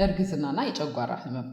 የእርግዝናና የጨጓራ ህመም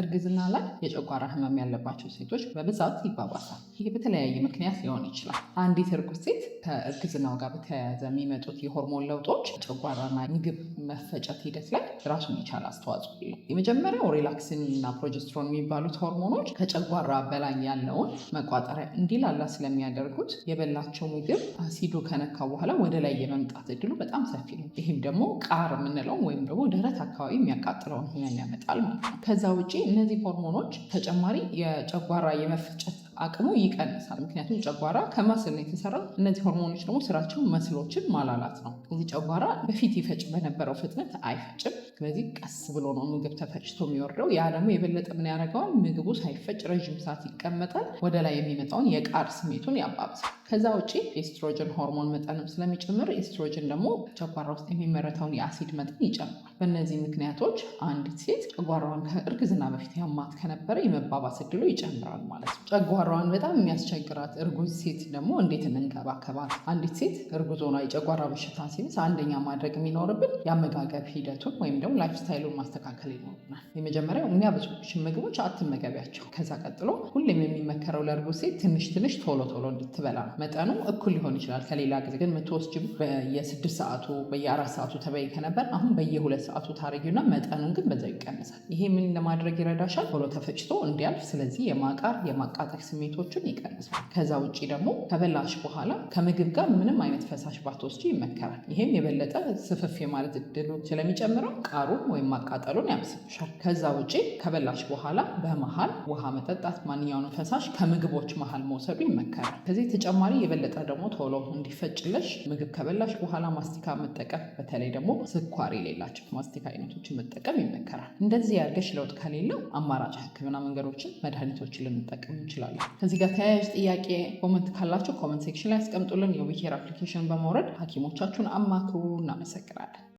እርግዝና ላይ የጨጓራ ህመም ያለባቸው ሴቶች በብዛት ይባባሳል። ይህ በተለያየ ምክንያት ሊሆን ይችላል። አንዲት እርጉዝ ሴት ከእርግዝናው ጋር በተያያዘ የሚመጡት የሆርሞን ለውጦች ጨጓራና ምግብ መፈጨት ሂደት ላይ ራሱን የቻለ አስተዋጽኦ የመጀመሪያው ሪላክሲን እና ፕሮጀስትሮን የሚባሉት ሆርሞኖች ከጨጓራ በላይ ያለውን መቋጠሪያ እንዲላላ ስለሚያደርጉት የበላቸው ምግብ አሲዱ ከነካ በኋላ ወደ ላይ የመምጣት እድሉ በጣም ሰፊ ነው። ይህም ደግሞ ቃር የምንለው ወይም ደግሞ ደረት አካባቢ የሚያቃጥለውን ህመም ያመጣል ማለት ነው። ውጪ እነዚህ ሆርሞኖች ተጨማሪ የጨጓራ የመፍጨት አቅሙ ይቀንሳል። ምክንያቱም ጨጓራ ከማስል ነው የተሰራ። እነዚህ ሆርሞኖች ደግሞ ስራቸው መስሎችን ማላላት ነው። ስለዚህ ጨጓራ በፊት ይፈጭ በነበረው ፍጥነት አይፈጭም። ስለዚህ ቀስ ብሎ ነው ምግብ ተፈጭቶ የሚወርደው። ያ ደግሞ የበለጠ ምን ያደርገዋል? ምግቡ ሳይፈጭ ረዥም ሰዓት ይቀመጣል። ወደ ላይ የሚመጣውን የቃር ስሜቱን ያባብሳል። ከዛ ውጪ የኤስትሮጅን ሆርሞን መጠንም ስለሚጨምር ኤስትሮጅን ደግሞ ጨጓራ ውስጥ የሚመረተውን የአሲድ መጠን ይጨምራል። በእነዚህ ምክንያቶች አንዲት ሴት ጨጓራዋን ከእርግዝና በፊት ያማት ከነበረ የመባባስ እድሉ ይጨምራል ማለት ነው። ጨጓራዋን በጣም የሚያስቸግራት እርጉዝ ሴት ደግሞ እንዴት እንንከባከባት? አንዲት ሴት እርጉዝ ሆና የጨጓራ በሽታ ሲይዝ አንደኛ ማድረግ የሚኖርብን የአመጋገብ ሂደቱን ወይም ደግሞ ላይፍ ስታይሉን ማስተካከል ይኖርብናል። የመጀመሪያው የሚያበዙብሽን ምግቦች አትመገቢያቸው። ከዛ ቀጥሎ ሁሌም የሚመከረው ለእርጉዝ ሴት ትንሽ ትንሽ ቶሎ ቶሎ እንድትበላ ነው። መጠኑ እኩል ሊሆን ይችላል። ከሌላ ጊዜ ግን የምትወስጂው በየስድስት ሰዓቱ በየአራት ሰዓቱ ተበይ ከነበር አሁን በየሁለት ሰዓቱ ታረጊና መጠኑን ግን በዛ ይቀንሳል። ይሄ ምን ለማድረግ ይረዳሻል? ቶሎ ተፈጭቶ እንዲያልፍ። ስለዚህ የማቃር የማቃጠል ስሜቶችን ይቀንሳል። ከዛ ውጭ ደግሞ ከበላሽ በኋላ ከምግብ ጋር ምንም አይነት ፈሳሽ ባትወስጂ ይመከራል። ይሄም የበለጠ ስፍፍ የማለት እድሉ ስለሚጨምረው ቃሩን ወይም ማቃጠሉን ያብስብሻል። ከዛ ውጭ ከበላሽ በኋላ በመሀል ውሃ መጠጣት፣ ማንኛውንም ፈሳሽ ከምግቦች መሀል መውሰዱ ይመከራል። ከዚህ ተጨማ በተጨማሪ የበለጠ ደግሞ ቶሎ እንዲፈጭለሽ ምግብ ከበላሽ በኋላ ማስቲካ መጠቀም በተለይ ደግሞ ስኳር የሌላቸው ማስቲካ አይነቶችን መጠቀም ይመከራል። እንደዚህ ያርገሽ ለውጥ ከሌለው አማራጭ ህክምና መንገዶችን መድኃኒቶችን ልንጠቀም እንችላለን። ከዚህ ጋር ተያያዥ ጥያቄ ኮመንት ካላቸው ኮመንት ሴክሽን ላይ ያስቀምጡልን። የዊኬር አፕሊኬሽን በማውረድ ሐኪሞቻችሁን አማክሩ። እናመሰግናለን።